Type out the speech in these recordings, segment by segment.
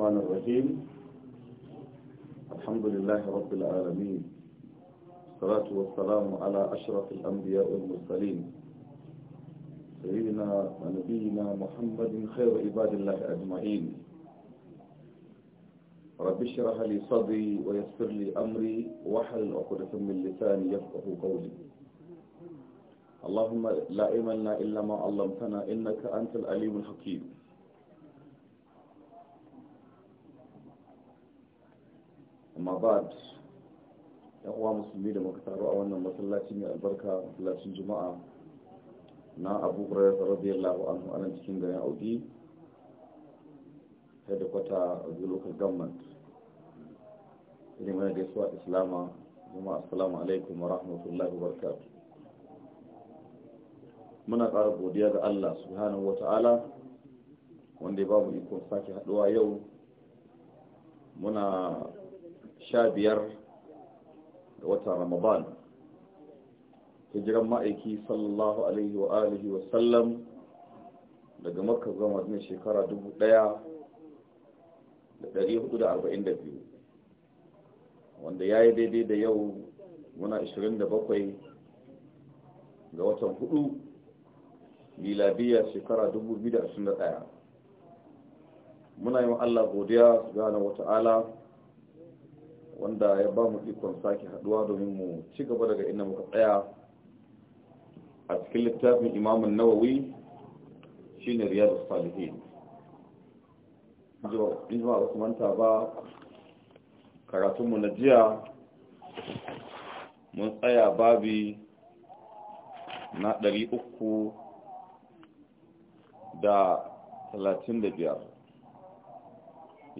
الرحمن الرحيم الحمد لله رب العالمين الصلاة والسلام على أشرف الأنبياء والمرسلين سيدنا ونبينا محمد خير عباد الله أجمعين رب اشرح لي صدري ويسر لي أمري وحل عقدة من لساني يفقه قولي اللهم لا علم إلا ما علمتنا إنك أنت العليم الحكيم amma ba yan uwa musulmi da muka taro a wannan masallaci mai albarka masallacin juma'a na abu hurairar radiyallahu anhu anan cikin garin audi ta da kwata a local government irin mana islama juma'a assalamu alaikum wa rahmatullahi wa muna ƙara godiya ga Allah subhanahu wa ta'ala wanda ya ba mu ikon sake haɗuwa yau muna sha biyar da watan ramadan hijiran ma'aiki sallallahu alaihi wa alihi wa sallam daga zama zuwa shekara dubu ɗaya da dari hudu da arba'in da biyu wanda ya yi daidai da yau muna ashirin da bakwai ga watan hudu miladiya shekara dubu biyu da ashirin da ɗaya muna yi wa allah godiya su gane wata'ala wanda ya ba mu ikon sake haduwa domin mu ci gaba daga inda muka tsaya a cikin littafin imamun nawawi shi ne riyar jo in ba su manta ba karatunmu na jiya mun tsaya babi na uku da biyar.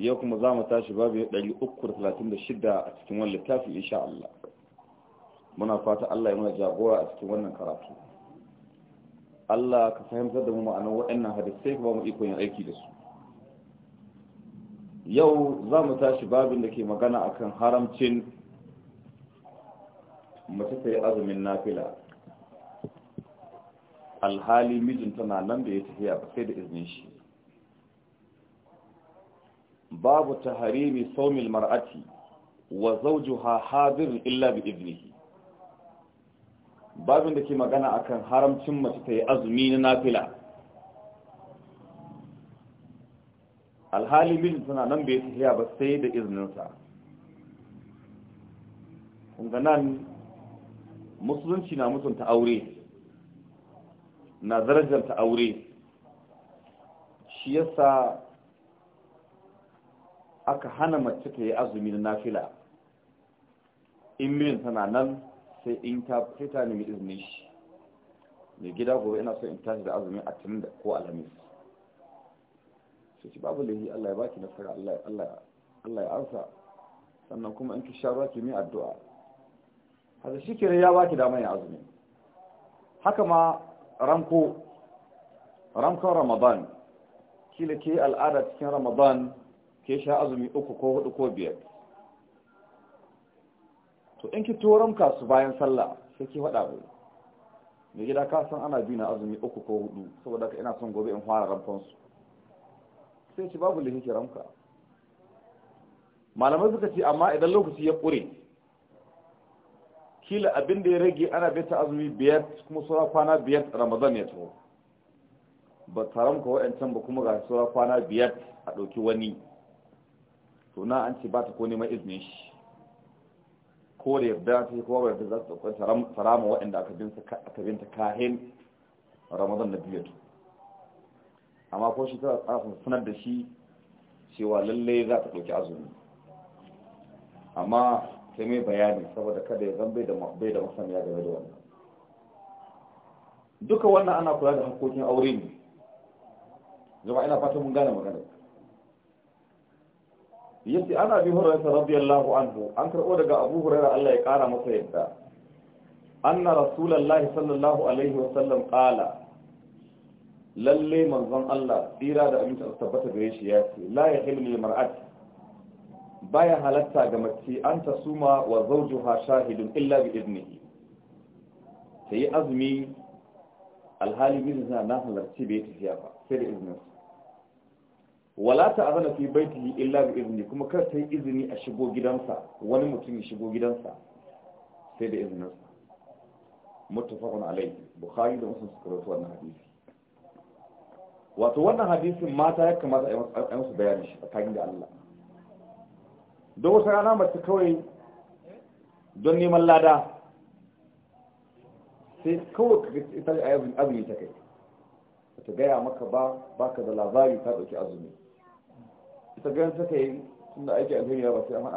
yau kuma za mu tashi babu ya shida a cikin wani littafi insha Allah muna fata Allah ya muna jagora a cikin wannan karatu Allah ka fahimtar da mu ma'anar waɗannan hadisai ka ba mu ikon yin aiki da su yau za mu tashi babin da ke magana akan haramcin mace ta yi azumin nafila alhali mijinta na nan da ya tafiya ba sai da izinin shi babu taharimi saumil mar'ati wa zawjuha hadir illa bi idnihi babin da ke magana akan haramcin mace ta yi azumi na nafila alhali mijin suna nan bai tafiya ba sai da izininsa nan musulunci na mutunta aure na darajar aure shi yasa aka hana mace ta yi azumi na nafila in min tana nan sai in ta fita nemi izinin shi mai gida gobe ina so in tashi da azumin tun da ko alhamis sai ci babu lahi Allah ya baki nasara Allah ya ansa sannan kuma in ki sha ruwa ki mi addu'a haka shi kenan ya baki dama ya azumi haka ma ranko rankon ramadan kila ke al'ada cikin ramadan ke sha azumi uku ko hudu ko biyar to in ki toron su bayan sallah sai ki faɗa bai mai gida ka san ana bi na azumi uku ko hudu saboda ka ina son gobe in fara ramfansu sai ci babu lihin ki ramka malamai suka ce amma idan lokaci ya ƙure kila abin da ya rage ana ta azumi biyar kuma sura kwana biyar ramadan ya taho ba taron ka wa'ancan ba kuma ga sura kwana biyar a ɗauki wani to na an ce ba ta ko neman izinin shi ko da yarda ta yi kowa yadda za su ɗaukar sarama waɗanda aka binta kahin ramadan na biyar amma ko shi ta tsarafin sanar da shi cewa lalle za ta ɗauki azumi amma sai mai bayani saboda kada ya zan bai da masaniya game da wannan duka wannan ana kula da harkokin aure ne zama ina fata mun gane magana yace ana bi hurairah radiyallahu anhu an karbo daga abu hurairah Allah ya kara masa yadda anna rasulullahi sallallahu alaihi wa sallam qala lalle manzon Allah tsira da abinci da tabbata gare shi ya la yahillu lil mar'ati baya halatta ga mace an ta suma wa zawjuha shahidun illa bi idnihi tayi azumi alhali mijinta na halarci bai tafiya ba sai da wala ta azana fi baitihi illa bi izni kuma kar ta yi izini a shigo gidansa wani mutum ya shigo gidansa sai da sa muttafaqun alayhi bukhari da muslim suka rawaito wannan hadisi wato wannan hadisin mata ya kamata a yi musu bayani shi tsakanin da Allah don wata rana mace kawai don neman lada sai kawai ka ita azumi ta kai ta gaya maka ba baka da labari ta ɗauki azumi ta gan suka yi tunda aiki alheri ba sai an ba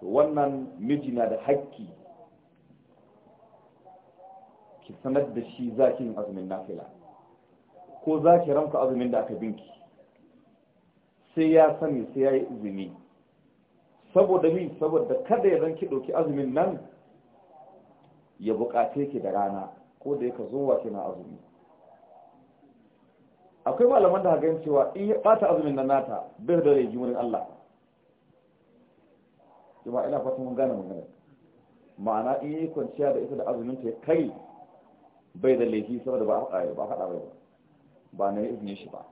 to wannan miji na da hakki ki sanar da shi za ki yin azumin nafila ko za ki ramka azumin da aka binki sai ya sani sai ya yi izini saboda min saboda kada ya zan ki ɗauki azumin nan ya buƙace ki da rana ko da yaka zo wa kina azumi akwai malaman da haka yin cewa in eh, ya ɓata azumin nan nata bai da rai jimurin Allah ina fatan mun gane magana ma'ana in yi kwanciya da ita da azumin ta ya kai bai da laifi saboda ba a ba haɗa bai ba na na izinin shi ba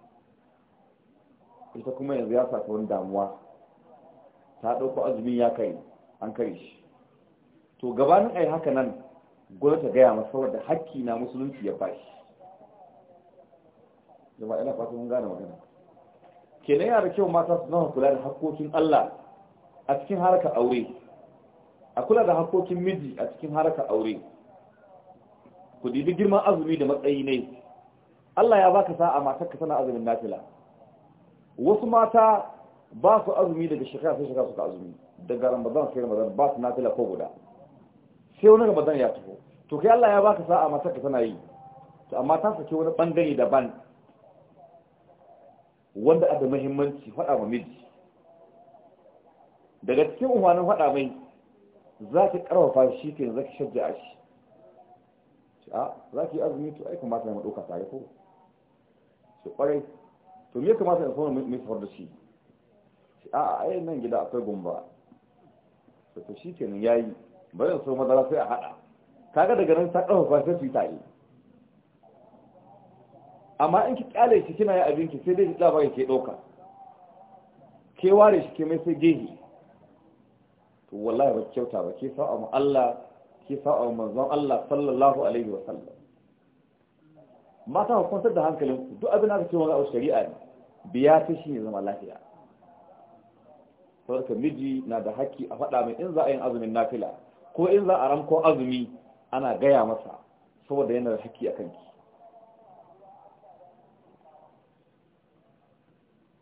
ita kuma yanzu ya saka wani damuwa ta ɗauko azumin ya kai an kare shi to gabanin ai haka nan gwamnati gaya masa saboda hakki na musulunci ya bashi jama'a ina fata mun gane magana kenan yana da kyau mata su zama kula da haƙoƙin Allah a cikin haraka aure a kula da haƙoƙin miji a cikin haraka aure ku dibi girman azumi da matsayi ne Allah ya baka sa'a matar ka sana azumin nafila wasu mata ba su azumi daga shekara sai shekara suka azumi daga ramadan sai ramadan ba su nafila ko guda sai wani ramadan ya tafi to kai Allah ya baka sa'a matar ka sana yi to amma ta sake wani bangare daban wanda aka muhimmanci faɗa ma miji daga cikin umarnin faɗa mai za ki ƙarfafa shi ke za ki shajja a shi a za ki yi azumi to ai mata na maɗauka tare ko shi ƙwarai to me kamata na sauna mai safar da shi shi a a ai nan gida akwai gumba to shi ke nan yayi bari so madara sai a haɗa kaga daga nan ta ƙarfafa sai ta yi amma in ki kyale shi kina yi abinki sai dai da labarin ke ɗauka ke ware shi ke mai sai gehi to wallahi ba kyauta ba ke sa'a mu Allah ke sa'a mu manzon Allah sallallahu alaihi wa sallam mata ku kwantar da hankalin ku duk abin da kake wani abu shari'a ne biya ta shi ne zama lafiya saboda miji na da haƙƙi a faɗa mai in za a yin azumin nafila ko in za a ramko azumi ana gaya masa saboda yana da haƙƙi a kanki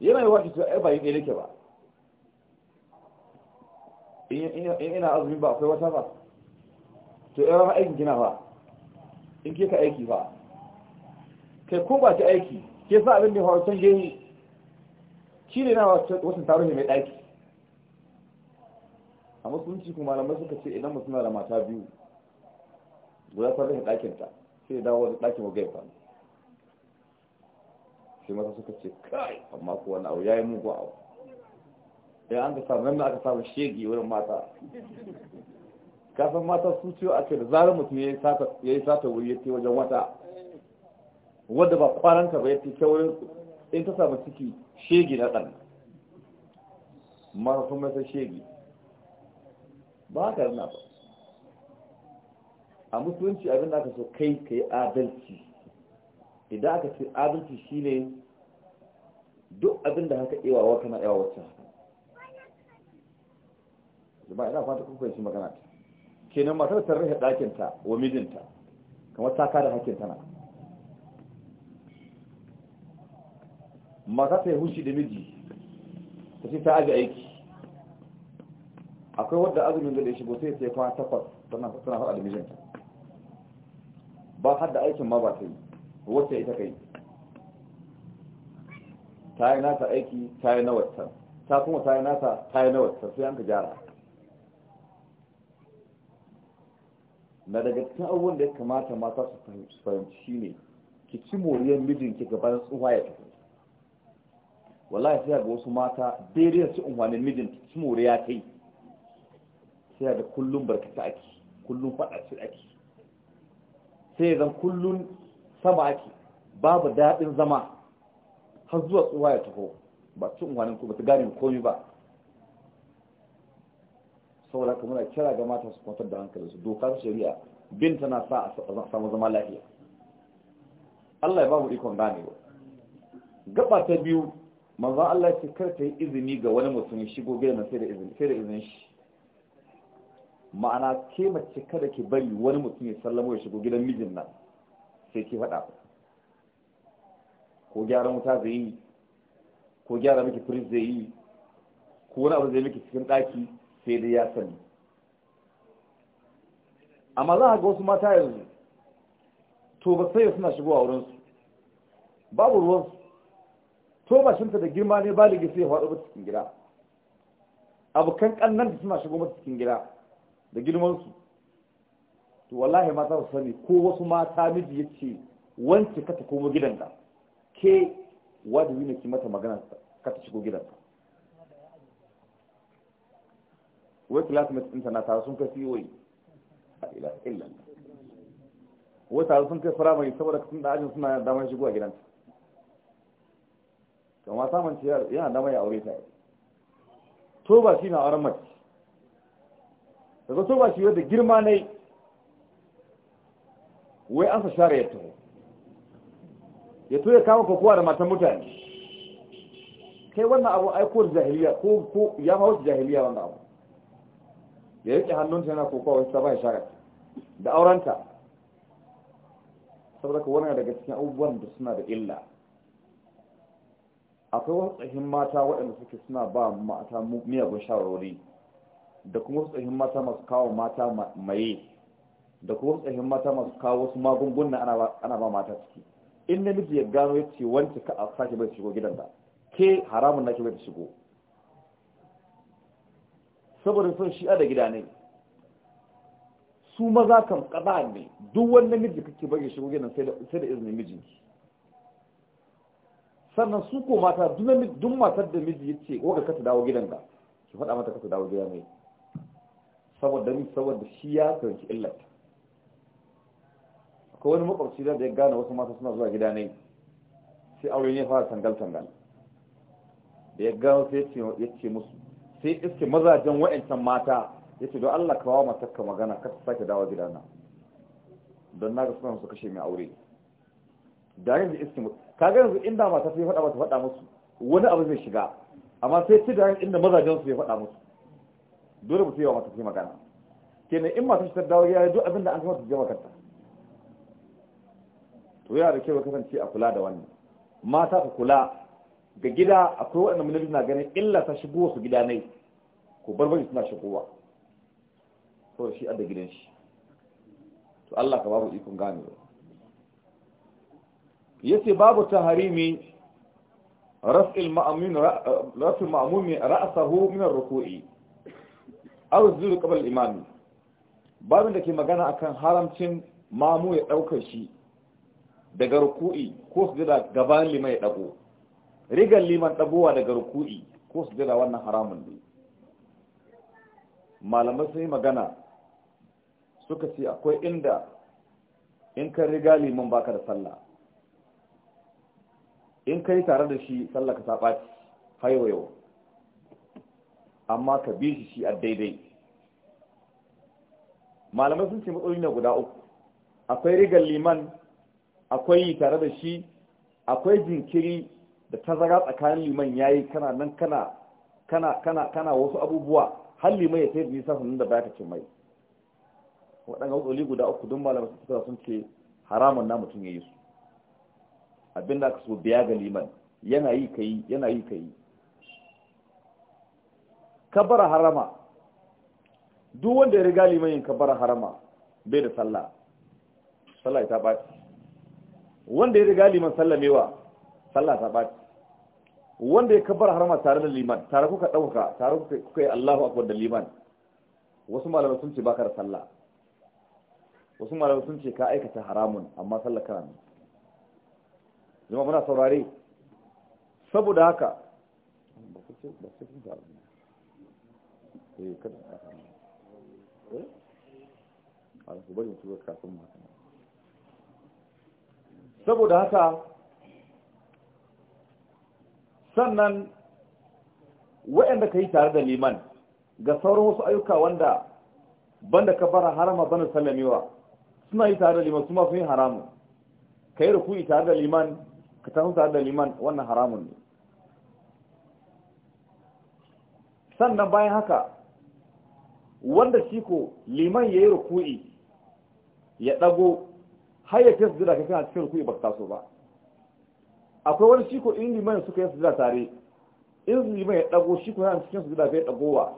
yana yi wasu ai ba yi ɗaya nake ba in ina azumi ba akwai wata ba to yawan aikin gina ba in ke ka aiki ba kai ko ba ki aiki ke sa abin da canje gani shi ne na wasan tarihi mai ɗaki a musulunci kuma malamai suka ce idan mutum na da mata biyu guda farin ɗakinta sai dawo da ɗakin wa gaifa sai mata suka ce kai amma ko wani abu yayi mugun abu ya an ka samu nan aka samu shege wurin mata kafin mata su siyo a cikin zarar mutum ya yi sata wuri ya ce wajen wata wadda ba kwaranka ba ya ce wurin in ta samu ciki shege na ɗan mara kuma sai shege ba ka rana ba a musulunci abin da aka so kai ka yi adalci idan aka ce adalci shine duk abin da haka wa kana na ewa wacce ba ina fata kuka shi magana ta kenan matar ta rahe ɗakinta wa mijinta kamar ta kada hakin tana mata ta yi hushi da miji ta ce ta aji aiki akwai wadda azumin da ya shigo sai ta yi kwana takwas sannan faɗa da mijinta ba har da aikin ma ba ta yi wata ita kai ta yi nata aiki ta yi na watan ta kuma ta yi nata ta yi na watan sai an ka gyara na daga cikin abubuwan da ya kamata mata su fahimci ne ki ci moriyar mijinki gaban tsuwa ya tafi wallahi sai ga wasu mata daidai su unhwanin mijin ki ci moriya ta yi sai ga kullum barkata ake kullum faɗa ake sai zan kullum sama ake babu daɗin zama har zuwa tsuwa ya taho ba cin wani ku ba ta gane komi ba saboda kuma muna kira ga mata su kwantar da hankali su dokar shari'a bin tana sa a samu zama lafiya Allah ya ba mu ikon gane ba gaba ta biyu manzon Allah ce kar ta yi izini ga wani mutum shigo gidan sai da izini sai da izinin shi ma'ana ke mace kada ki bari wani mutum ya sallamo ya shigo gidan mijin nan sai ki faɗa ko gyaran wuta zai yi ko gyara miki firis zai yi ko wani abu zai miki cikin ɗaki sai dai ya sani amma za a ga wasu mata yanzu to ba sai suna shigo a wurinsu babu ruwansu to mashinta da girma ne baligi sai ya faɗo ba cikin gida abokan ƙannan suna shigo masu cikin gida da girmansu to wallahi mata su sani ko wasu mata miji ya ce wance ka ta komo gidanka ke wajibi ne ki mata magana ka ta shigo gidanka wai classmates ɗinta na tare sun kai siyoyi e. a ila illa wai tare sun kai firamare saboda sun da ajin suna damar shigo a gidanka kama samun ciyar yana damar ya aure ta yi to ba shi na auren mace daga to ba shi wadda girma ne wai an sa share ya taho ya to ya kama kokowa da matan mutane kai wannan abu aikowar jahiliya ko ya ma wasu jahiliya wannan abu ya riƙe hannunta yana kokowa wasu ta bayan share da aurenta saboda ka wannan daga cikin abubuwan da suna da illa akwai wasu tsahin mata waɗanda suke suna ba mata miyagun shawarwari da kuma wasu tsahin mata masu kawo mata maye da kuma tsahin mata masu kawo wasu magunguna ana ba mata ciki in namiji ya gano ya ce wancan ka a sake bai shigo gidan da ke haramun na ke bai shigo saboda sun shi'a da gida ne su maza kan kaza ne duk wani namiji kake bai shigo gidan sai da izinin mijinki sannan su ko mata duk matar da miji ya ce ko ka ta dawo gidan ka ki faɗa mata ka ta dawo gida ne saboda ni saboda shi ya karanci illata ko wani makwabci da ya gane wasu mata suna zuwa gida ne sai aure ne fara tangal-tangal da ya gano sai ya ce musu sai iske mazajen wa'ancan mata ya ce don allah kawo matakka magana ka ta sake dawa gidana don na ga suna su kashe mai aure da yanzu iske musu ka ga yanzu inda mata sai faɗa masu faɗa musu wani abu zai shiga amma sai ce da inda mazajen su ya faɗa musu dole ba su yi wa mata sai magana kenan in mata su ta dawo ya yi duk abin da an kama su je makarta to yana da kyau kasance a kula da wannan mata ka kula ga gida akwai waɗanda mun na ganin illa ta shigo su gida ne ko barbari suna shigowa to shi a da gidan shi to Allah ka babu ikon gane yace babu taharimi raf'il ma'mun raf'il ma'mumi ra'sahu min ar-ruku'i aw zuru qabl al-imam babin da ke magana akan haramcin mamu ya daukar shi daga ruku'i ko su jira gaban liman ya dago rigar liman dagowa daga ruku'i ko su jira wannan haramun ne malamai sun yi magana suka ce akwai inda in kan riga liman baka da sallah in kai tare da shi sallah ka saba ci haiwayo amma ka bi shi shi a daidai malamai sun ce matsayin ne guda uku akwai rigar liman akwai yi tare da shi akwai jinkiri da tazara tsakanin liman yi kana nan kana kana kana kana wasu abubuwa har liman ya sai nisa sannan da baya ka ce mai waɗanda hutsoli guda uku don malamai suka sun ce haramun na mutum ya yi su abinda aka so biya ga liman yana yi ka yi yana yi ka yi kabara harama duk wanda ya riga liman yin kabara harama bai da sallah sallah ta ɓaci wanda ya riga liman sallamewa sallah ta ba wanda ya kabbar harama tare da liman tare kuka ɗauka tare kuka yi allahu akbar da liman wasu malamai sun ce baka da sallah wasu malamai sun ce ka aikata haramun amma sallah kana ne zama muna saurare saboda haka eh, kada eh bari kafin saboda haka sannan waɗanda ka yi tare da liman ga sauran wasu ayyuka wanda banda ka bara harama banda sallamewa suna yi tare da liman su masu yin haramun ka yi rukuni tare da liman ka tafi tare da liman wannan haramun ne sannan bayan haka wanda shi ko liman ya yi rukuni ya ɗago har ya kai sujada kai kana cikin rukuni baka taso ba akwai wani shi ko in liman suka yi sujada tare in liman ya dago shi ko yana cikin sujada bai dagowa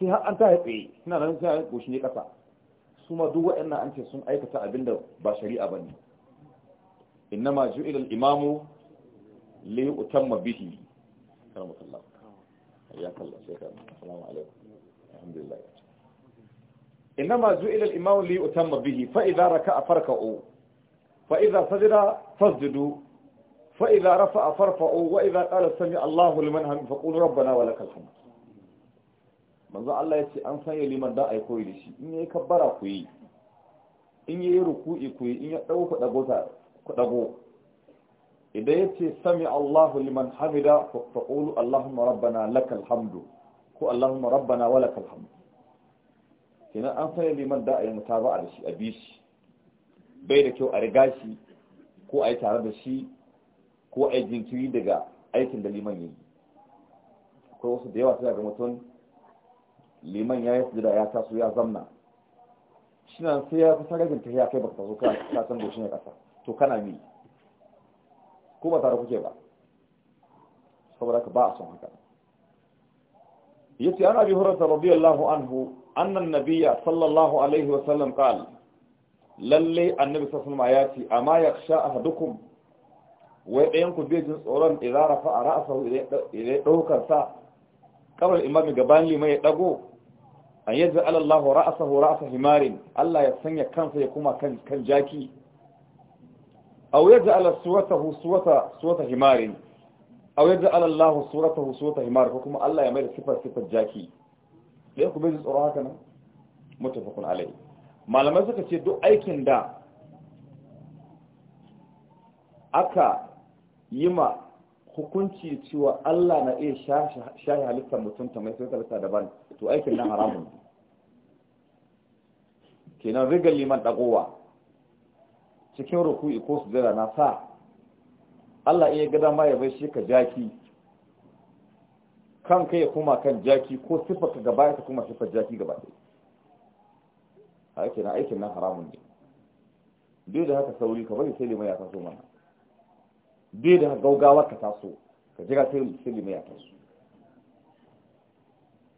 sai har an ta ya tsaye suna nan sai an goshi ne kasa su ma duk waɗannan an ce sun aikata abin da ba shari'a ba ne inna ma ju'ila al-imamu li utamma bihi salamu rahmatullah ya kallah sai ka salamu alaikum alhamdulillah inna ma ju'ila al-imamu li utamma bihi fa idza raka'a farka'u فإذا سجد فاسجدوا فإذا رفع فارفعوا وإذا قال سمع الله لمن هم فقولوا ربنا ولك الحمد manzo Allah yace an sanya liman da ai koyi da shi in yayi kabbara ku yi in yayi ruku'i ku yi in ya dago ku dago ku dago idan yace sami Allahu liman hamida fa qulu Allahumma rabbana lakal hamdu ko Allahumma rabbana walakal hamdu kina an sanya liman da ai mutaba'a da abishi. bai da kyau a riga shi ko a yi tare da shi ko a yi jinkiri daga aikin da liman yi akwai wasu da yawa suna ga mutum liman ya yi su sujada ya taso ya zamna shi na sai ya kusa ragin ta ya kai baka taso ka san goshin ya kasa to kana mi ko ba tare kuke ba saboda ka ba a son haka yace an abi hurairah radiyallahu anhu anna an-nabiyya sallallahu alaihi wa sallam qala lalle annabi sallallahu alaihi ya ce amma yakhsha ahadukum wai ɗayan ku bai jin tsoron idza ra'asa ra'sahu idan daukar sa kabar imami gaban limai ya dago an yadda alallahu ra'asahu ra'asa himarin Allah ya sanya kansa ya kuma kan kan jaki aw yadda ala suwatahu suwata suwata himarin aw yadda alallahu suratahu suwata himar ko kuma Allah ya mai da sifar sifar jaki ɗayan ku bai jin tsoron haka nan mutafakun alaihi malamai suka ce duk aikin da aka yi ma hukunci cewa Allah na iya shahi halittar mutum ta mai sai daban to aikin nan haramun Ke nan rigar liman ɗagowa cikin ruku'i ko su zira na sa Allah iya gada ma ya bai shi ka jaki kan kai kuma kan jaki ko siffar ka gaba ya kuma siffar jaki gaba ɗaya a yake na aikin nan haramun ne duk da haka sauri ka bari sai limai ya taso mana duk da gaugawa ka taso ka jira sai limai ya taso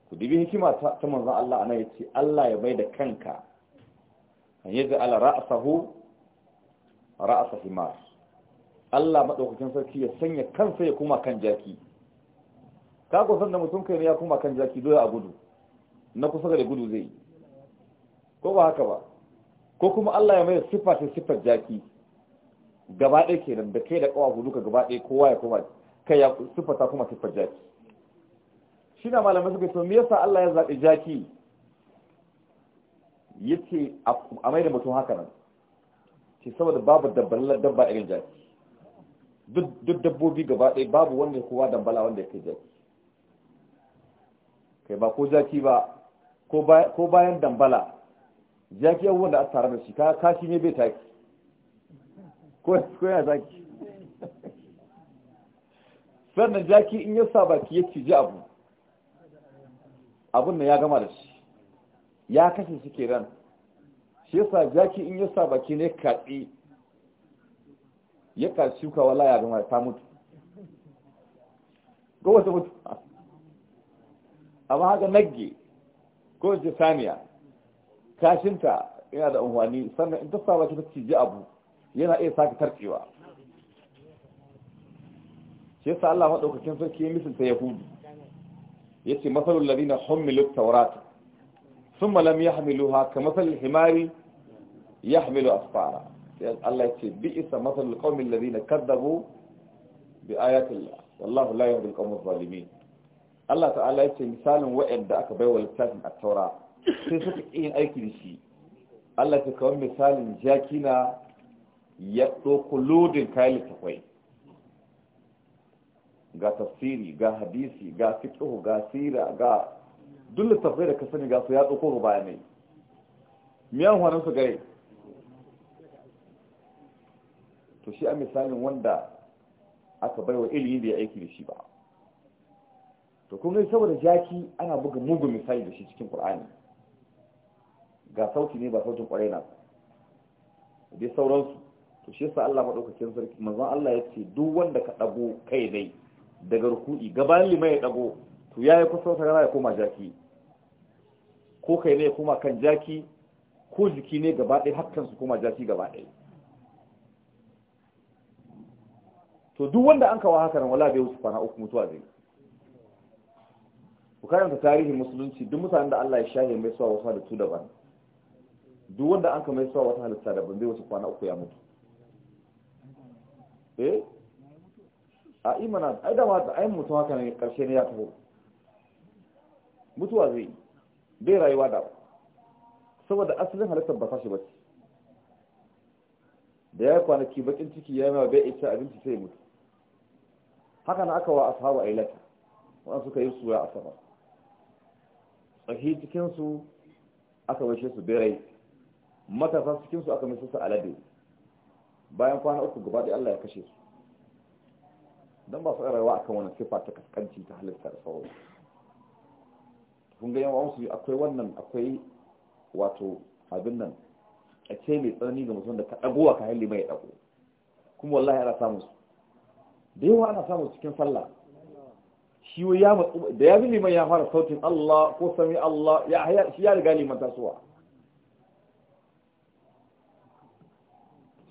ku dibi hikima ta manzan Allah ana yace Allah ya bai da kanka an yi ala ra'asahu ra'asa himar Allah madaukakin sarki ya sanya kansa ya kuma kan jaki ka ko san da mutum kai ne ya kuma kan jaki doya a gudu na kusa da gudu zai ko ba haka ba ko kuma Allah ya mai siffa ta siffar jaki gaba ɗaya kenan da kai da hudu ka gaba ɗaya kowa ya kuma kai ya ta kuma siffar jaki shi na malamai suka to me yasa Allah ya zaɓi jaki yace a mai da mutum haka nan ce saboda babu dabbalar dabba irin jaki duk dabbobi gaba ɗaya babu wanda kowa dambala wanda ya kai jaki kai ba ko jaki ba ko bayan dambala jaki abubuwan da aka tare da shi kashi ne bai taki ko ya zaki sannan jaki in ya sa baki ya ciji abu abun nan ya gama da shi ya kashe shi ke ran shi yasa jaki in ya sa baki ne kaɗi ya ka shuka wala ya gama ta mutu ko wata mutu amma haka nagge ko samiya kashinta yana da unhwani sannan in ta sa baki ta ciji abu yana iya sake tarkewa shi yasa Allah madaukakin sarki ya misalta yahudi yace masalul ladina humilu tawrat thumma lam yahmiluha kamathal himari ya yahmilu asfara Allah yace bi'sa masalul qaumil ladina kadzabu bi ayati Allah wallahu la yahdi al-qawm adh-dhalimin Allah ta'ala ya yace misalin da aka baiwa littafin a taurat sai suka yin aiki da shi Allah ka kawo misalin jakina ya ɗauko lodin kayan littafai ga tafsiri ga hadisi ga fiqh ga sira ga duk littafai da ka sani ga su ya ɗauko ga bayanai miyan hannun su gai to shi a misalin wanda aka baiwa ilimi da ya aiki da shi ba to kuma saboda jaki ana buga mugun misali da shi cikin qur'ani ga sauti ne ba sautin kwarai na dai sauransu to shi sa Allah madaukakin sarki manzon Allah ya ce duk wanda ka ɗago kai dai daga ruku'i gaban limai ya ɗago, to yayi kusa ta ya koma jaki ko kai ne ya koma kan jaki ko jiki ne gaba ɗaya hakan su koma jaki gaba ɗaya to duk wanda an kawo haka nan wala bai wuce kwana uku mutuwa zai ku karanta tarihin musulunci duk mutanen da Allah ya shahe mai suwa wasa da tu daban duk wanda an kama yasuwa wata halitta da ban wasu kwana uku ya mutu eh a imana ai da mata ai mutu haka ne karshe ne ya taho mutuwa zai yi, bai rayuwa da saboda asalin halittar ba ta shi bace da ya kwanaki bakin ciki ya yi bai ita abinci sai mutu haka na aka wa ashabu ailata wannan suka yi suya asaba tsahi cikin su aka bashe su berai. matasa cikin su aka misu su alade bayan kwana uku gaba da Allah ya kashe su don ba su rayuwa akan wani sifa ta kaskanci ta halitta da sauran kun ga yawan su akwai wannan akwai wato abin nan a ce mai tsanani ga mutum da ka ɗagowa ka halli mai ɗago kuma wallahi ana samu su da yawa ana samun cikin sallah shi ya matsu da ya bi liman ya fara sautin Allah ko sami Allah ya shi ya riga liman tasowa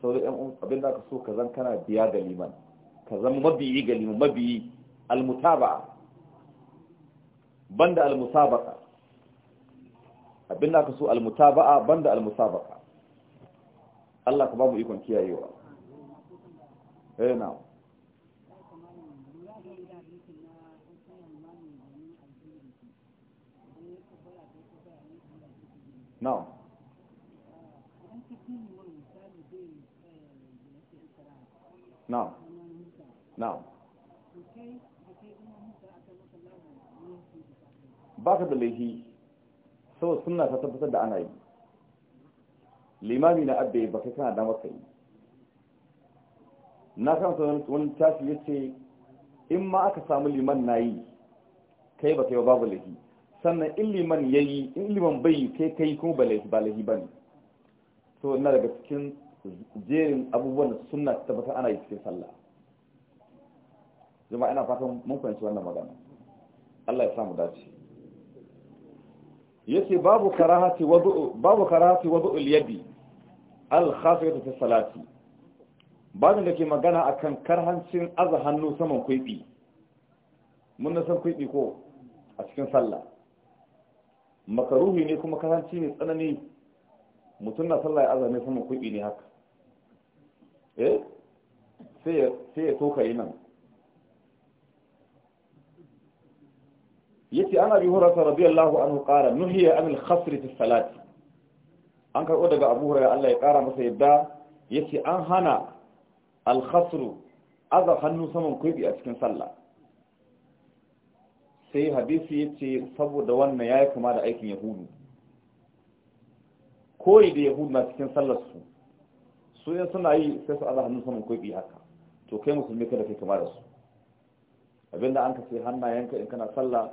da yan abin da aka so ka zan kana biya ga liman ka zan mabiyi ga liman mabiyi almutaba banda almusabaqa abin da aka so almutaba banda almusabaqa Allah ka ba mu ikon kiyayewa eh na'am no. na'am na'am ba ka da laifi saboda suna ta tabbatar da ana yi limami na abbe ba kai kana damar ka yi na kamta wani tashi ya ce in ma aka samu liman na yi kai ba kai babu laifi sannan in liman ya yi in liman bai kai kai kuma ba laifi ba laifi ba ne so na daga cikin jerin abubuwan suna sunna ta tabbatar ana yi cikin sallah jama'a ina fatan mun fahimci wannan magana Allah ya samu dace yace babu karahati wudu babu karahati wudu al-yadi al-khafiyatu fi salati babin da ke magana akan karhancin aza hannu saman kwaibi mun na san kwaibi ko a cikin sallah makaruhi ne kuma karhanci ne tsanani mutum na sallah ya aza ne saman kwaibi ne haka eh sai ya toka yi nan ana bi hurata radiyallahu anhu qala nuhiya an al-khasr fi salati. an karbo daga Abu ya Allah ya kara masa yadda yake an hana al-khasr aza hannu saman kubi a cikin sallah sai hadisi yace saboda wannan yayi kuma da aikin yahudu koyi da yahudu na cikin sallarsu. su yin suna yi sai su aza hannun saman kwaɓi haka to kai musulmi kada kai kama da su abinda an ka sai hannayenka in kana sallah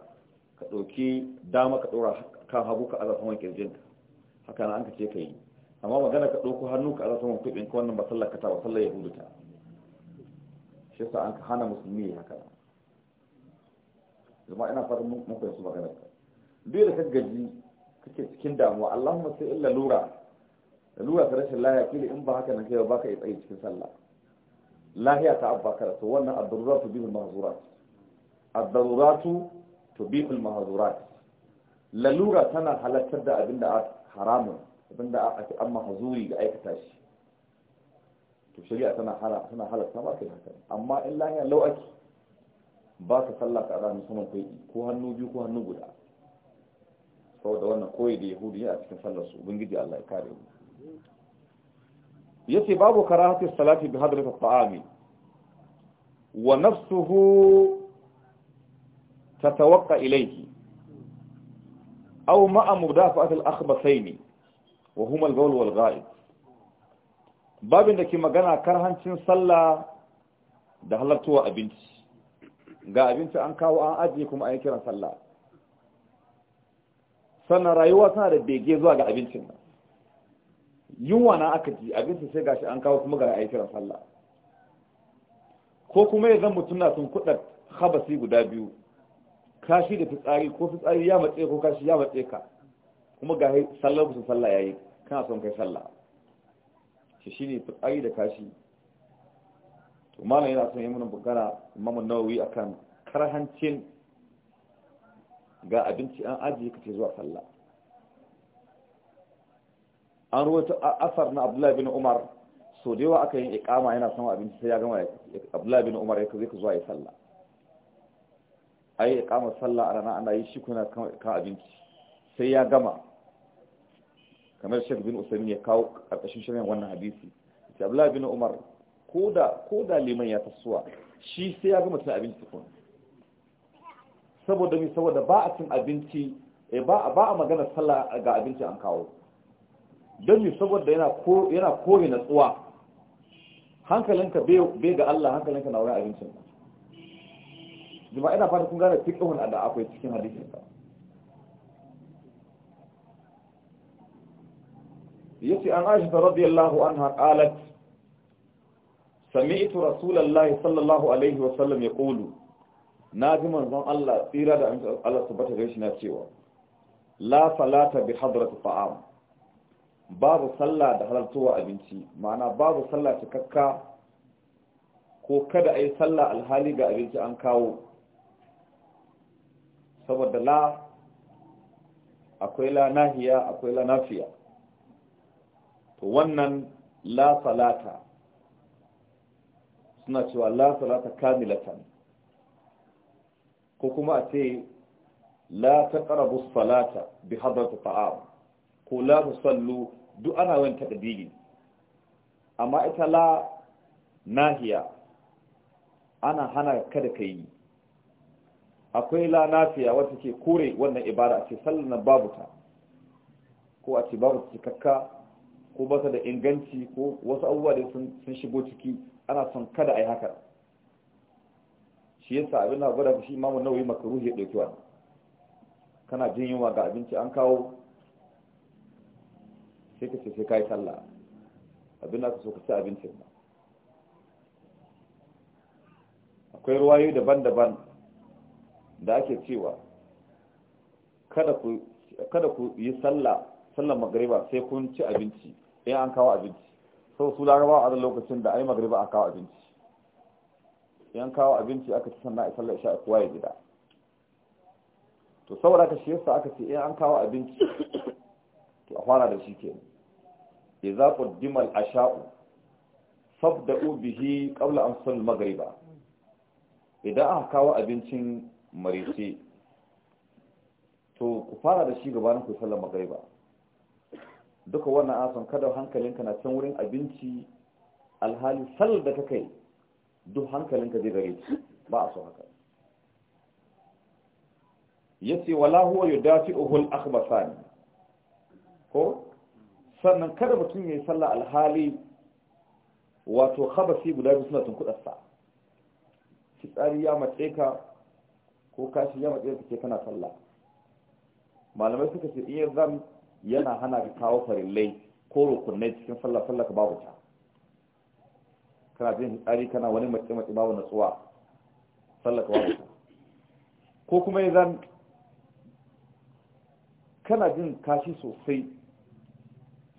ka ɗauki dama ka ɗora kan hagu ka aza saman kirjinka haka na an ka ce ka yi amma magana ka ɗauko hannu ka aza saman kwaɓin ka wannan ba sallah ka ta ba sallah yahudu ta shi sa an ka hana musulmi ya haka zama ina fatan mun fahimci magana ka duk da ka gaji kake cikin damuwa allahumma sai illa lura lura ka rashin lahiya kila in ba haka nan kai ba ka yi tsaye cikin sallah lahiya ta abba ka rasu wannan ad-daruratu bihul mahzurat ad-daruratu tubihul mahzurat lalura tana halartar da abinda da haramun abinda da ake amma hazuri ga aikata shi to shari'a tana hala tana halarta ba kai haka amma in lahiya lau ake ba ka sallah ka ranar saman kai ko hannu biyu ko hannu guda saboda wannan koyi da yahudi a cikin sallar su ubangiji Allah ya kare mu yace babu karahatu salati bi hadrati at-ta'ami wa nafsuhu tatawaqqa ilayhi aw ma'a mudafa'at al-akhbathayn wa huma al-bawl wal gha'ib babin da ke magana karhancin sallah da halartuwa abinci ga abinci an kawo an ajiye kuma an kiran sallah sannan rayuwa tana da bege zuwa ga abincin nan yunwa na aka ji abinci sai gashi an kawo kuma ga ayi kiran sallah ko kuma ya zan mutum na sun kuɗa habasi guda biyu kashi da fitsari ko fitsari ya matse ko kashi ya matse ka kuma ga sallar musu sallah yayi kana son kai sallah shi shine fitsari da kashi to malam yana son yi mana bugara imamu nawawi akan karhancin ga abinci an aji kace zuwa sallah an ruwata asar na abdullahi bin umar so da yawa aka yin ikama yana sama abinci sai ya gama abdullahi bin umar ya zai ka zuwa ya salla a yi ikama salla a rana ana yi shi kuna kan abinci sai ya gama kamar shek bin usamin ya kawo karkashin shirin wannan hadisi ta abdullahi bin umar ko da liman ya tasowa shi sai ya gama cin abinci kuma saboda mi saboda ba a cin abinci eh, ba a magana sallah ga abinci an kawo don mi saboda yana kore tsuwa hankalinka bai ga Allah hankalinka na wurin abincin ba jima ina fata kun gane wani da akwai cikin hadisin ka ce an aisha radiyallahu anha qalat sami'tu rasulullahi sallallahu alaihi ya ƙulu na ji manzon Allah tsira da Allah su bata gaishi na cewa la salata bi hadrati ta'am babu sallah da halartowa abinci ma'ana babu sallah cikakka ko kada a yi sallah alhali ga abinci an kawo saboda la akwai la nahiya akwai la nafiya to wannan la salata suna cewa la salata kamilatan ko kuma a ce la taqrabu salata bi ta ta'am ko la tusallu duk ana wani taɗabili amma ita la nahiya ana hana kada ka yi akwai la nafiya wata ke kore wannan ibada a ce sallar na babu ta ko a ce babu cikakka ko ba da inganci ko wasu abubuwa da sun shigo ciki ana son kada a yi haka shi yasa abin na gwada shi imamu nawayi makaruhi ya ɗauki kana jin yunwa ga abinci an kawo sai ka ce sai ka yi sallah abin da aka so ka ci abincin ba akwai ruwayoyi daban-daban da ake cewa kada ku yi sallah sallar magariba sai kun ci abinci in an kawo abinci sau su larabawa a lokacin da ai magariba a kawo abinci in kawo abinci aka ci sannan a sallar isha a kuwa ya gida to saboda ka shi yasa aka ce in an kawo abinci to a fara da shi kenan idza dimal a ashau fabda'u bihi qabla an sun magriba idan aka kawo abincin marisi to ku fara da shi gabanin ku sallar magriba duka wannan asan kada hankalinka na san wurin abinci alhali sallar da kai duk hankalinka zai gare shi ba a so haka yace wala huwa yudafi'uhu al-akhbasan ko sannan kada mutum ya yi sallah alhali wato khabasi guda biyu suna tunkuɗarsa fitsari ya matse ka ko kashi ya matse ka ce kana sallah malamai suka ce iya zan yana hana ka kawo farillai ko rukunai cikin sallah sallah ka babu ta kana jin fitsari kana wani matse matse babu natsuwa sallah ka babu ta ko kuma ya zan kana jin kashi sosai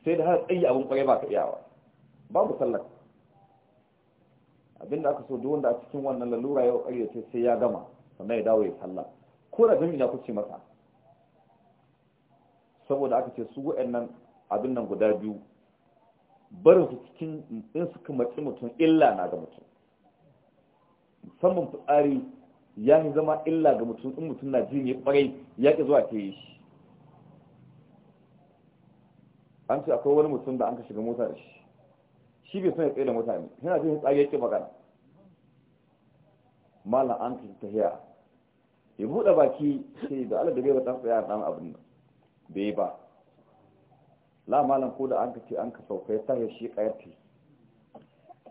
sai da har tsayi abin kwarai ba ka ba babu sallar abinda aka so duk wanda a cikin wannan lalura yau ya ce sai ya gama sannan ya dawo ya sallah ko da jami'i na kuce masa saboda aka ce su wa'annan abin nan guda biyu barin su cikin in suka matsi mutum illa na ga mutum musamman fitsari ya yi zama illa ga mutum in mutum na jini ya kwarai ya ƙi zuwa ke yi shi an ce akwai wani mutum da an ka shiga mota da shi shi bai son tsaye da mutane yana jin tsage yake magana malam an ka tahiya ya buɗe baki sai da Allah da bai wata tsaya dan abin nan bai ba la malam ko da an ka ce an ka sauka ya tahiya shi kayarti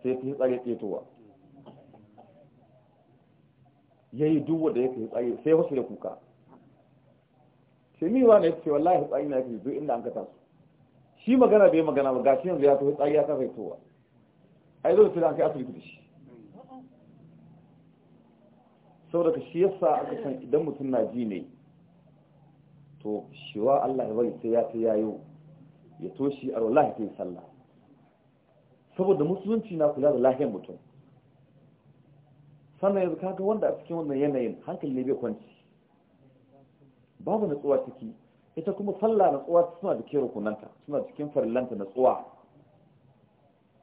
sai ta yi tsage ketowa ya yi duk wanda yake tsage sai wasu da kuka sai miwa ne ya ce wallahi tsage na yake duk inda an ka taso shi magana bai magana ba gashi yanzu ya tafi tsari ya kafa fitowa yi zo da an kai asibiti da shi saboda ka shi yasa aka san idan mutum na ji ne to shiwa Allah ya bari sai ya ta yayo ya toshi a wallahi ta yi sallah saboda musulunci na kula da lahiyar mutum sannan yanzu kaga wanda a cikin wannan yanayin hankali ne bai kwanci babu natsuwa ciki ita kuma sallah tsuwa suna da ke rukunanta suna cikin farillanta tsuwa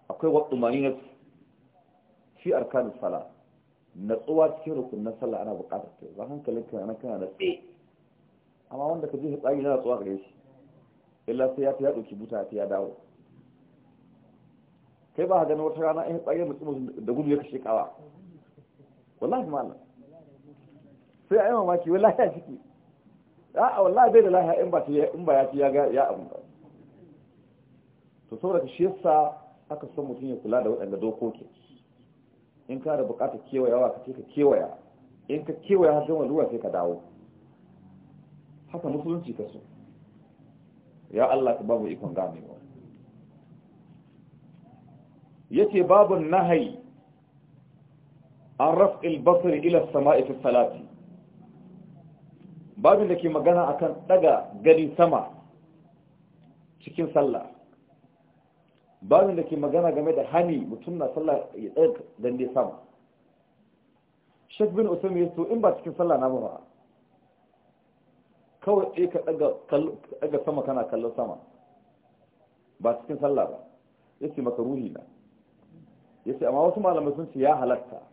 akwai waɗu maniyar fi arkanin sala tsuwa cikin rukunan sallah ana buƙatar ta za ka na kana tse amma wanda ka ji tsari na tsuwa gare shi illa sai ya ta ya ɗauki buta ta ya dawo kai ba ganin wata rana in tsari da tsumus da gudu ya kashe kawa wallahi malam sai a yi mamaki wallahi a ciki a wallahi bai da lahiya in ba in ba ya ci ya ga ya abu ba to saboda shi yasa aka son mutum ya kula da waɗanda dokoki in ka da bukata kewayawa ka ce ka kewaya in ka kewaya har zama ruwa sai ka dawo haka musulunci ka so ya Allah ka ba mu ikon ganewa yace babu nahai an raf'il basri ila as-sama'i fi salati babin da ke magana akan daga gani sama cikin sallah babin da ke magana game da hani mutum na sallah ya ɗaga gande sama shek bin usman ya so in ba cikin sallah na ba kawai ɗaya ka ɗaga sama kana kallon sama ba cikin sallah ba ya ce maka ruhi na ya ce amma wasu malamai sun ce ya halatta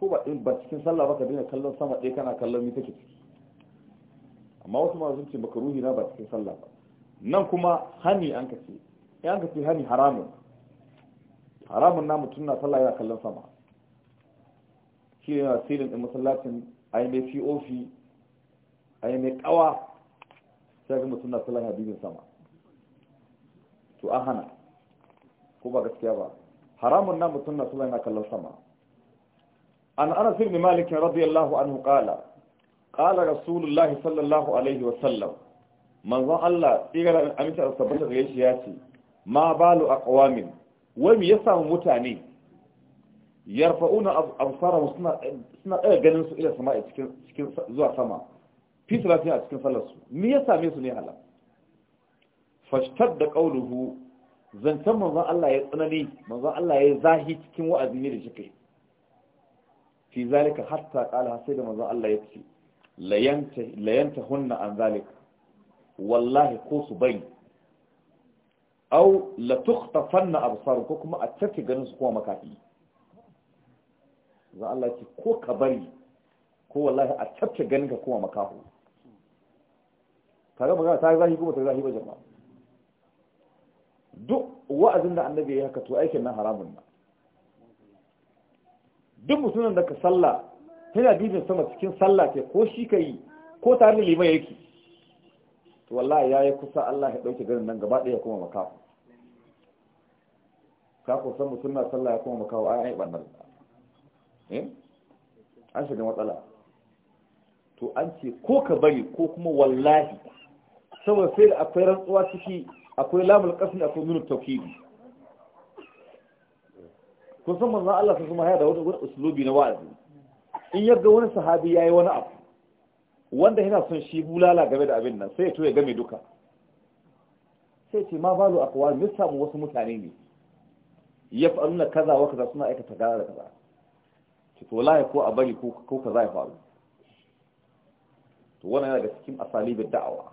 ko ba ba cikin sallah ba ka dina kallon sama ɗaya kana kallon mita ke ciki amma wasu ma sun ce ruhi na ba cikin sallah ba nan kuma hani an ka ce ya an ka ce hani haramun haramun na mutum na sallah yana kallon sama shi ne na silin ɗin masallacin yi mai a yi mai ƙawa, sai ga mutum na sallah yana bibin sama to an hana ko ba gaskiya ba haramun na mutum na sallah yana kallon sama عن أنس بن مالك رضي الله عنه قال قال رسول الله صلى الله عليه وسلم من ظن الله إغرى أمسى أصبت غيشياتي ما بال أقوام وم يسام متاني يرفعون أبصارهم سنة أغنس إلى سماء زوى سماء في ثلاثين أتكن فلسوا مي يسام يسني هلا فاشتد قوله زنتم من ظن الله يتنني من ظن الله يزاهي تكن وأذني لشكيه fi zalika hatta qala sai da Allah ya ce layanta layanta hunna an zalika wallahi ko su bai au la tukhtafanna absaru ko kuma a tafi ganin su kuma makafi za Allah ce ko ka bari ko wallahi a tafi ganin ka kuma makafu kaga magana ta zahi kuma ta zahi ba jama'a duk wa'azin da annabi ya haka to aikin nan haramun nan duk mutumin da ka sallah yana bibin sama cikin sallah ke ko shi ka yi ko tare da liman yake to wallahi ya yi kusa Allah ya ɗauke garin nan gaba ɗaya kuma makawo ka ku san mutum na sallah ya kuma makawo a ai ɓannar eh an shiga matsala to an ce ko ka bari ko kuma wallahi saboda sai da akwai rantsuwa ciki akwai lamul kasni akwai nuna tauhidi kun san manzon Allah sun kuma ya da wani uslubi na wa'azi in yadda wani sahabi yayi wani abu wanda yana son shi bulala game da abin nan sai ya to ya game duka sai ce ma balu aqwal mun samu wasu mutane ne yaf'aluna kaza wa kaza suna aikata gara da kaza To to wallahi ko a bari ko ko kaza ya faru to wannan yana daga cikin asalibin da'awa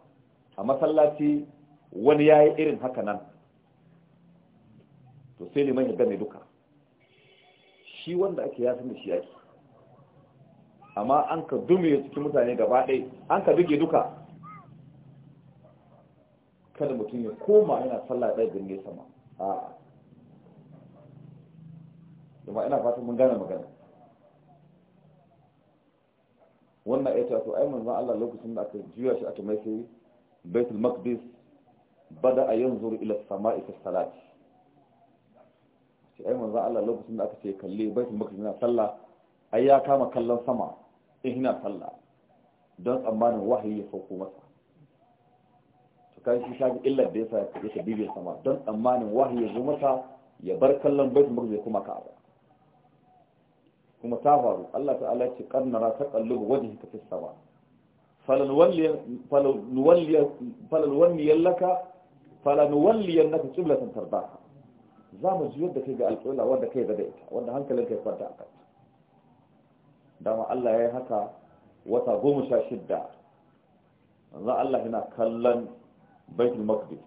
a masallaci wani yayi irin haka nan to sai liman ya gane duka shi wanda ake yasin da shi ake amma an ka dumiye cikin mutane gaba ɗai an ka duke duka kada mutum ya koma yana sallah ɗaya ne sama a kuma ina fatan mun gane magana wannan ya so, ai manzon Allah lokacin da aka juya shi aka mai sai baitul maqdis bada a yanzu ila sama ita salati Sai ai manzo Allah lokacin da aka ce kalle baitul maqdis na sallah ai ya kama kallon sama in eh, hina sallah don tsammanin wahayi ya sauko masa to kai shi shafi illa da yasa yake bibiyar sama don tsammanin wahayi ya zo masa ya bar kallon baitul maqdis ya kuma ka'aba kuma ta faru Allah ta'ala ya ce ta qarnara taqallubu wajhika fis sama فلنولي فلنولي لك فلنولي أنك قبلة ترضاها za mu juyar da kai ga alƙula wanda kai da ita wanda hankalin kai kwanta a kanta dama Allah ya yi haka wata goma sha shidda za Allah yana kallon baitul maqdis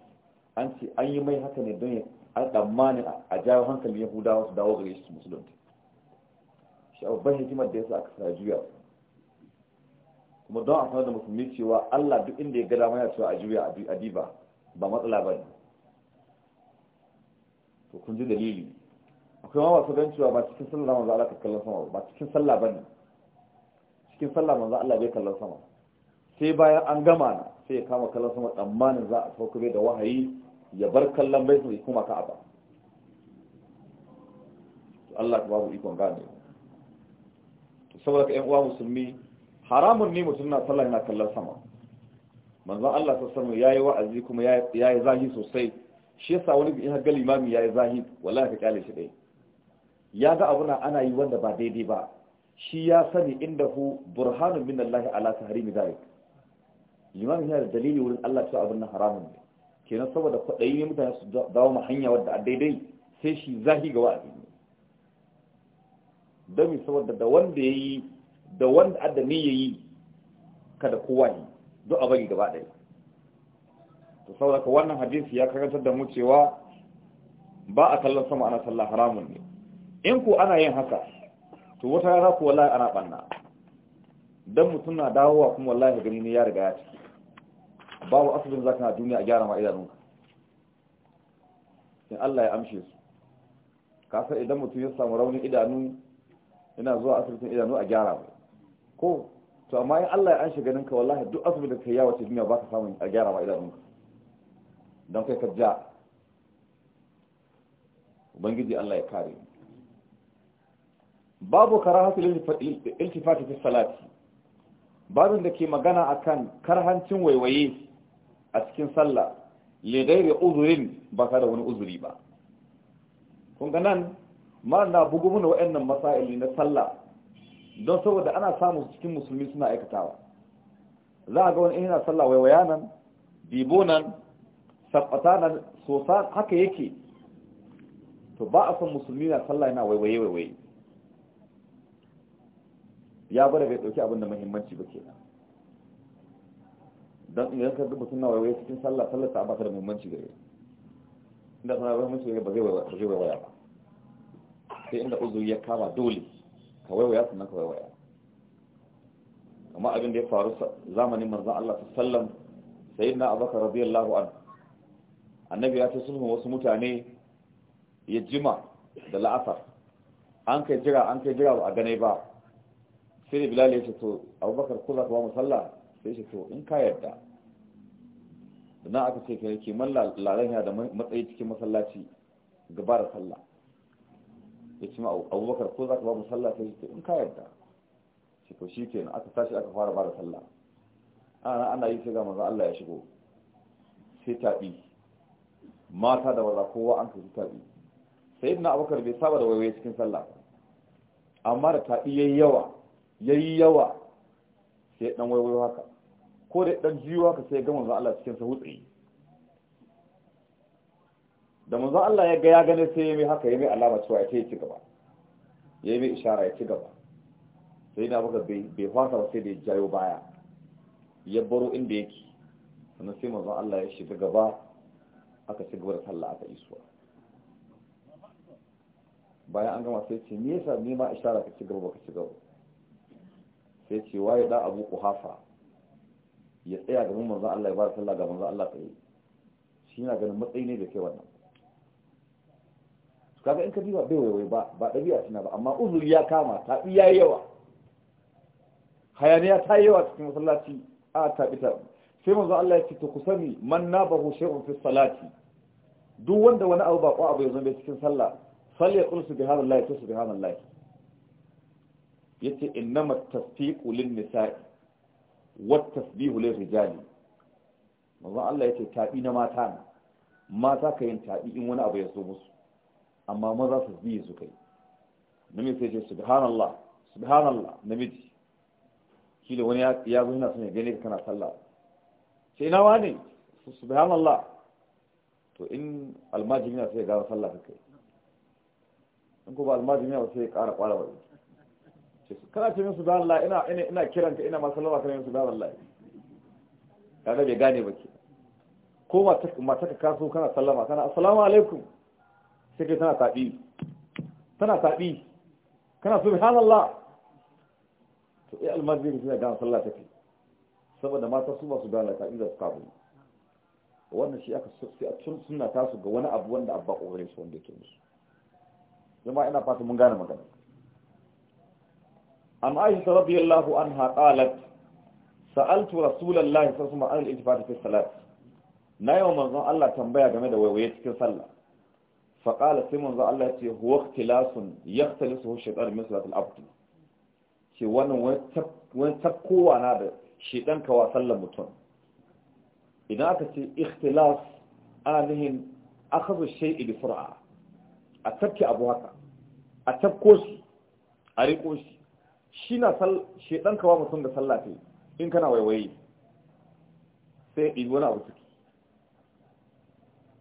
an ce an yi mai haka ne don ya an a jawo hankalin yahudawa su dawo gare su Musulunci. shi ban hikimar da ya sa aka sa juya kuma don a sanar da musulmi cewa Allah duk inda ya gada ya cewa a juya a diba ba matsala ba ne to kun ji dalili akwai ma masu gan cewa ba cikin sallah manzo Allah ta kallon sama ba cikin sallah bane cikin sallah manzo Allah bai kallon sama sai bayan an gama na sai ya kama kallon sama tsammanin za a sauka da wahayi ya bar kallon bai sai kuma ka aba to Allah ta babu ikon gane to saboda ƴan uwa musulmi haramun ne mutum na sallah yana kallon sama manzo Allah sallallahu alaihi wasallam yayi wa'azi kuma yayi zahi sosai shi yasa wani in ga limami yayi zahid wala ka kyale shi dai ya ga abuna ana yi wanda ba daidai ba shi ya sani inda hu burhanun min Allah ala tahrimi zalik limami yana da dalili wurin Allah cewa abin nan haramun ne kenan saboda kwaɗayi ne mutane su dawo ma hanya wadda a daidai sai shi zahi ga wa'azi ne don mi saboda da wanda yayi da wanda adda ne ya kada kowa ne duk a bari gaba ɗaya to saboda wannan hadisi ya karantar da mu cewa ba a kallon sama ana sallah haramun ne in ku ana yin haka to wata rana ku wallahi ana banna dan mutum na dawowa kuma wallahi gani ne ya riga ya ciki babu asibin zaka na duniya a gyara ma idanunka in Allah ya amshe su kasar idan mutum ya samu raunin idanu ina zuwa asibitin idanu a gyara mu ko to amma in Allah ya an shiga ninka wallahi duk da kai ya wace duniya ba ka samun a gyara ma idanunka don kai ka ja ubangiji Allah ya kare babu karahatu iltifati fi salati babin da ke magana akan karhancin waiwaye a cikin sallah li ghairi uzurin ba ka da wani uzuri ba kun ga nan ma na bugu mana waɗannan masaili na sallah don saboda ana samun cikin musulmi suna aikatawa za a ga wani ina sallah waiwaya nan bibo nan sabbata na sosa haka yake to ba a son musulmi na sallah yana waiwaye waiwaye ya bada bai dauki abin da muhimmanci ba ke dan idan ka duba sunna waiwaye cikin sallah sallar ta ba ta da muhimmanci gare inda sana muhimmanci gare ba zai waiwaya ba zai waiwaya ba sai inda uzuri ya kama dole ka waiwaya sannan ka waiwaya amma abin da ya faru zamanin manzon Allah sallallahu alaihi wasallam sayyidina Abubakar radiyallahu anhu annabi ya ta sunan wasu mutane ya jima da la'asar an kai jira an kai jira ba a gane ba sai da bilal ya ce to abubakar ko za ka sallah sai ya ce to in ka yarda na aka ce ka yake man lalan ya da matsayi cikin masallaci gaba da sallah ya ce ma abubakar ko za ka ba musalla sallah sai ya ce in ka yarda shi to shi ke aka tashi aka fara ba da sallah ana yi sai ga manzo Allah ya shigo sai taɓi mata da maza kowa an kaji tabi sai na abubakar bai saba da waiwaye cikin sallah amma da tabi yayi yawa yayi yawa sai dan waiwayo haka ko da dan jiwa haka sai ga manzo Allah cikin sa hutsi da manzo Allah ya ga ya gane sai yayi haka yayi alama cewa ya ci gaba yayi mai ishara ya ci gaba sai na abubakar bai fasa ba sai da ya jayo baya ya baro inda yake sannan sai manzo Allah ya shiga gaba aka ci gaba da sallah aka isuwa bayan an gama sai ce nesa a ishara ka ci gaba baka ci gaba sai ce waye da abu hafa ya tsaya ga mun manzon Allah ya bada sallah ga manzon Allah tsaye shi yana ganin matsayi ne da kai wannan kaga in ka diba bai wai-wai ba ba dabi'a tana ba amma uzuri ya kama ta iya yawa hayaniya ta yawa cikin masallaci a tabi ta sai manzo Allah ya ce to ku sani man nabahu shay'un fi salati duk wanda wani abu ba abu ya zama cikin sallah salli ya qulsu bihanallahi to subhanallahi yace innama tasfiqu lin nisa'i wat tasbihu lil rijali manzo Allah yace tabi na mata ne mata ka yin tabi in wani abu ya zo musu amma maza su biye su kai namiji sai ce subhanallah subhanallah namiji shi da wani ya zo yana son ya gane ka kana sallah sai ne? wani subhanallah to in almajimi na sai ya gara sallah kai in ko ba almajimi na sai ya kara kwara wani kana ce min subhanallah ina ina ina kiranka ina ma sallama kana min subhanallah ga bai gane ba ke ko mata ka kaso kana sallama kana assalamu alaikum sai kai tana tabi tana tabi kana subhanallah to eh almajimi sai ya gara sallah kai. saboda mata su masu lalata idan su kabu wannan shi aka sun suna tasu ga wani abu wanda abba ƙoƙarin su wanda ke musu zama ina fata mun gane magana an aisha radiyallahu anha qalat sa'altu rasulullahi sallallahu alaihi wasallam an al salat. na yau manzon Allah tambaya game da waiwaye cikin sallah fa sai manzon Allah ce huwa ikhtilasun yaxtalisu shaytan min salatil abdu. ce wannan wani takkowa na da shedan ka wasan mutum idan aka ce ikhtilaf ana nihin akhadhu shay'i bi sur'a a tafke abu haka a tabko shi a riko shi shi na shedan ka wa mutum da sallah ta in kana waiwaye sai ɗibi wani abu ciki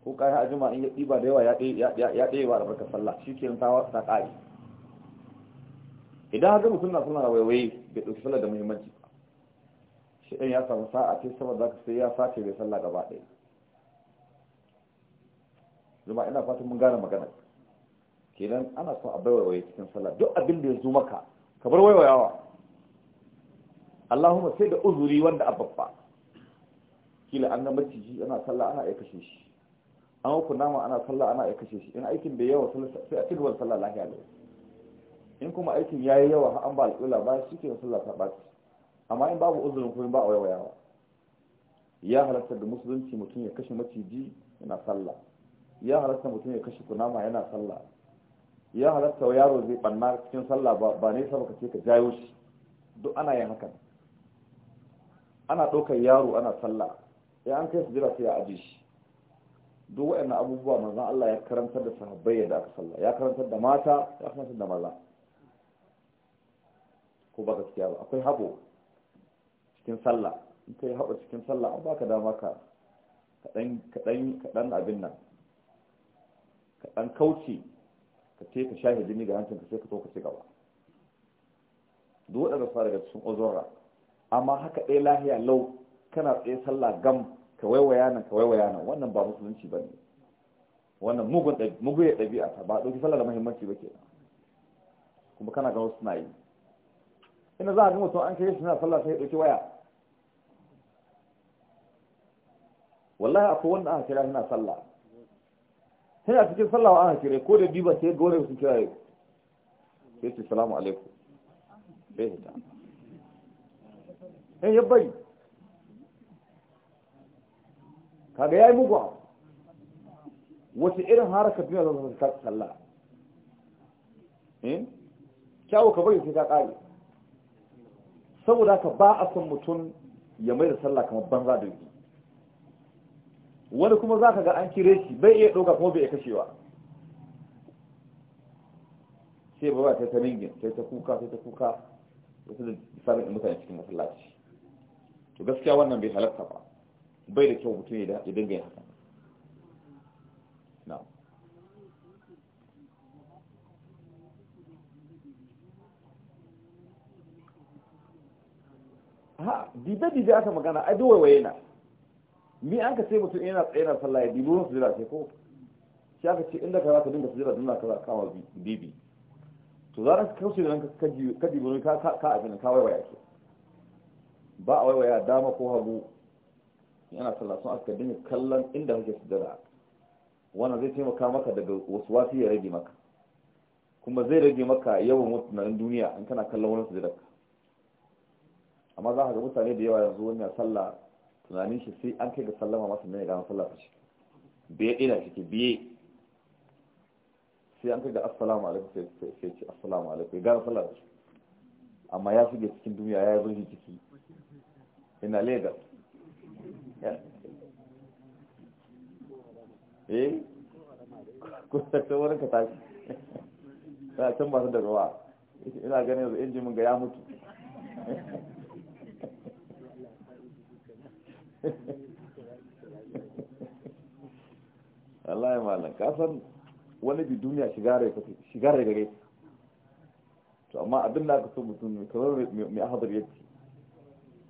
ko kayan ajima in ya ɗiba da yawa ya ɗaya ba da sallah shi ke ta ƙari idan haka mutum na suna waiwaye bai ɗauki Sallah da muhimmanci sai ɗan ya samu sa'a ce saboda za ka sai ya sace mai sallah gaba ɗaya zuma ina fatan mun gane magana kenan ana son a bai waiwaye cikin sallah duk abin da ya zo maka ka bar waiwayawa Allahumma sai da uzuri wanda ababba kila an ga maciji ana sallah ana aika shi an ku nama ana sallah ana aika shi in aikin da yawa sai a cigaba da sallah lahiya ne in kuma aikin yayi yawa an ba alƙula ba shi ke sallah ta ba amma in babu uzurin kuma ba a wayawa. ya halatta da musulunci mutum ya kashe maciji yana sallah ya halatta mutum ya kashe kunama yana sallah ya halatta wa yaro zai banna cikin sallah ba ne sa baka ce ka jayo shi duk ana yin hakan ana ɗaukar yaro ana sallah ya an kai su jira sai ya aje shi duk waɗannan abubuwa manzon Allah ya karantar da sahabbai yadda aka sallah ya karantar da mata ya karantar da maza ko ba gaskiya ba akwai habo cikin sallah in ka yi haɓa cikin sallah an baka dama ka kaɗan abin nan kaɗan kauce ka ce ka shahe jini ga hancin ka sai ka to ka ci gaba duk waɗanda fara daga cikin ozora amma haka ɗaya lahiya lau kana tsaye sallah gam ka waiwaya nan ka waiwaya nan wannan ba musulunci ba ne wannan mugun ya ɗabi'a ta ba ɗauki sallah da muhimmanci ba ke kuma kana gano suna yi ina za a ga mutum an kai shi na sallah sai ya ɗauki waya wallahi akwai wanda aka kira yana sallah sai a cikin sallah aka kira ko da ba sai gore su kira yau sai su salamu alaikum sai su sai ya bari kaga yi mugu wace irin haraka biyu da zama ta sallah in eh? kyawu ka bari sai ka kare saboda ka ba a son mutum ya mai da sallah kamar banza da yi wani kuma za ka ga an kire shi bai iya ɗauka kuma bai iya kashewa sai ba ta ta ringin sai ta kuka sai ta kuka wasu da samun mutane cikin masallaci to gaskiya wannan bai halatta ba bai da kyau mutum ya dinga yin haka na ha dibe-dibe aka magana ai duwaiwaye na ni an ka ce mutum yana tsaye na sallah ya dibo wani jira ko shi aka ce inda ka za ka dinga sujira don na kawo kawo bibi to za ka kauce da nan ka dibo wani ka abin ka waiwaya ke ba a waiwaya dama ko hagu yana sallah sun aka dinga kallon inda kake sujira wannan zai taimaka maka daga wasu wasu ya rage maka kuma zai rage maka yawan wasu tunanin duniya in kana kallon wani sujira amma za ka ga mutane da yawa yanzu wani sallah tunanin shi sai an kai ga sallama masa ne ga sallah shi biye ina ciki biye sai an kai ga assalamu alaikum sai sai ce assalamu alaikum ga sallah fashi amma ya shige cikin duniya ya zurfi ciki ina leda eh ko ta wurin ka tashi ta can ba da ruwa ina ganin yanzu mun ga ya mutu Allah ya malam kasan wani bi duniya shiga rai gare to amma abin da aka so mutum kamar mai ahadar yake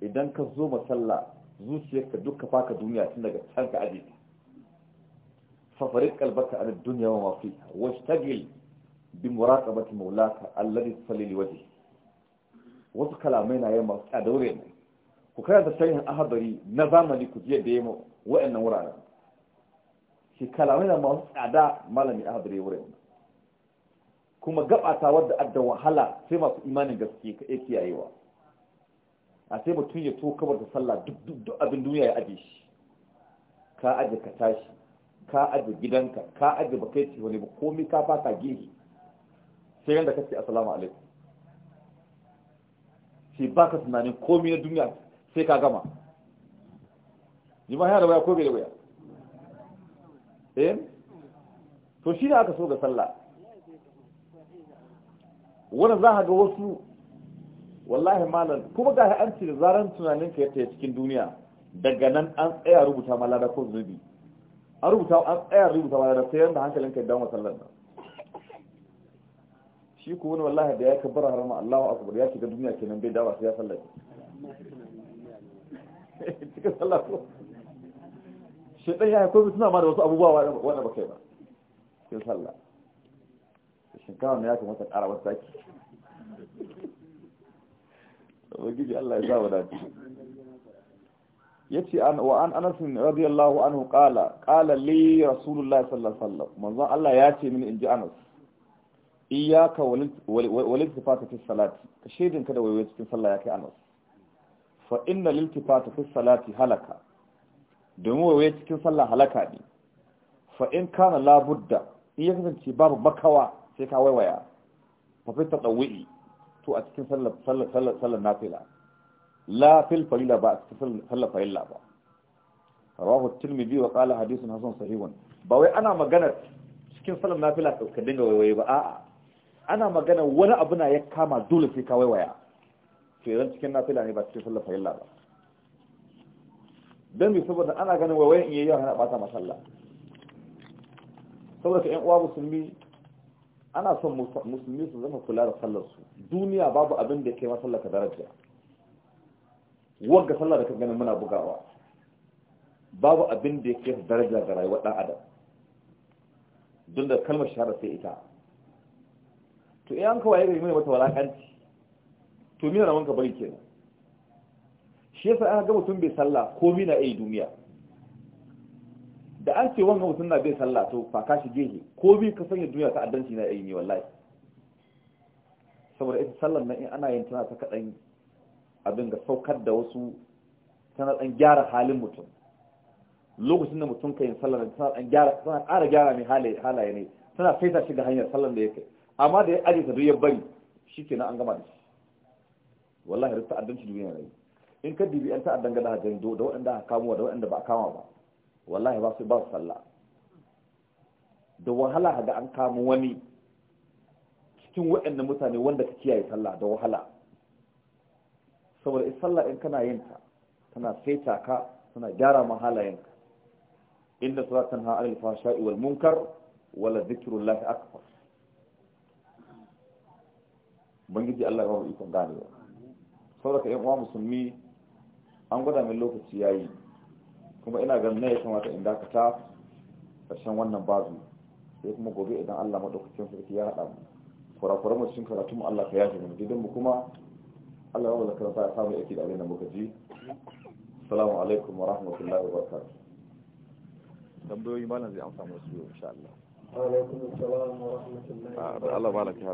idan ka zo masalla zuciyarka duka faka duniya tun daga can ka safarin fafarin kalbaka an duniya wa mafi washtagil bi muraqabati maulaka alladhi salli wajhi wasu kalamai na yamma a daure ne ku karanta a ahadari na zamani ku je da yi wa'annan wuraren shi kalamai da masu tsada malami ahabari wurin kuma gabata wadda adda wahala sai masu imanin gaske ka iya kiyayewa a sai mutum ya to kabar da sallah duk abin duniya ya aje shi ka aje ka tashi ka aje gidanka ka aje ba kai wani ba komai ka fata gehe sai yanda kace assalamu alaikum sai baka tunanin komai na duniya sai ka gama jima'a da waya ko bai da waya eh to shi da aka so ga sallah wani za ga wasu wallahi malam kuma ga an ce da zaran tunanin ka yadda cikin duniya daga nan an tsaya rubuta malada ko zubi an rubuta an tsaya rubuta malada sai yadda hankalin ka dawo sallar nan shi ko wani wallahi da ya kabbara harama Allahu akbar ya shiga duniya kenan bai dawo sai ya sallar cikin sallah ko shaidan ya haifar suna ma da wasu abubuwa wanda ba kai ba cikin sallah shinkawa na ya kamata ƙara wasu taki ubangiji Allah ya sa wadatu yace an wa an Anas radiyallahu anhu qala qala li rasulullah sallallahu alaihi wasallam manzo Allah ya ce mini inji Anas iyyaka wal wal sifatu fi salati ka shedin ka da waiwaye cikin sallah ya kai Anas fa inna liltifata fi salati halaka domin waye cikin sallah halaka ne fa in kana la budda in kasance babu makawa sai ka waiwaya fa fi tadawwi to a cikin sallar sallar sallar sallar nafila la fil farila ba a cikin sallar farilla ba rawahu at-tirmidhi wa qala hadithun hasan sahihun ba wai ana magana cikin sallar nafila ka dinga waiwaye ba a'a ana magana wani abu na ya kama dole sai ka waiwaya to yanzu cikin nafila ne ba cikin sallar farilla ba don bi saboda ana ganin wawayen in yayi yawa hana bata masalla saboda yan uwa musulmi ana son musulmi su zama kula da sallar su duniya babu abin da ke masalla ka daraja wanda sallar da ka ganin muna bugawa babu abin da yake daraja ga rayuwar dan adam don da kalmar shahada sai ita to in an kawai gari mai mata walakanci to mina rawanka bari kenan shi yasa aka ga mutum bai sallah ko mina ai duniya da an ce wannan mutum na bai sallah to fa ka shi gehe ko bi ka sanya duniya ta addanci na ai ne wallahi saboda ita sallar nan in ana yin tana ta kadan abin ga saukar da wasu tana dan gyara halin mutum lokacin da mutum kai sallar nan tana dan gyara tana ƙara gyara ne halaye halaye ne tana saita shi ga hanyar sallar da yake amma da ya aje ta duk ya bari shikenan an gama da shi wallahi rufta addanci duniya ne in ka dibi yan ta'addan ga da do da waɗanda aka kamo da waɗanda ba kama ba wallahi ba su ba su sallah da wahala ga an kamo wani cikin waɗannan mutane wanda ka kiyaye sallah da wahala saboda in sallah in kana yin ta tana saita ka tana gyara ma halayenka inda salatan ha alal fahsha'i wal munkar wala zikrullahi akbar bangiji Allah ya ba mu ikon ganewa saboda yan uwa musulmi an gwada min lokaci yayi kuma ina ganin ne ya kamata in dakata karshen wannan bazu sai kuma gobe idan Allah madaukakin sarki ya hada mu kurakuran mu cikin karatu mu Allah ka yafe mu didan mu kuma Allah ya wallaka ta samu yake da abin da muka ji assalamu alaikum wa rahmatullahi wa barakatuh tambayoyi malam zai amsa musu insha Allah alaikum assalam wa rahmatullahi wa barakatuh Allah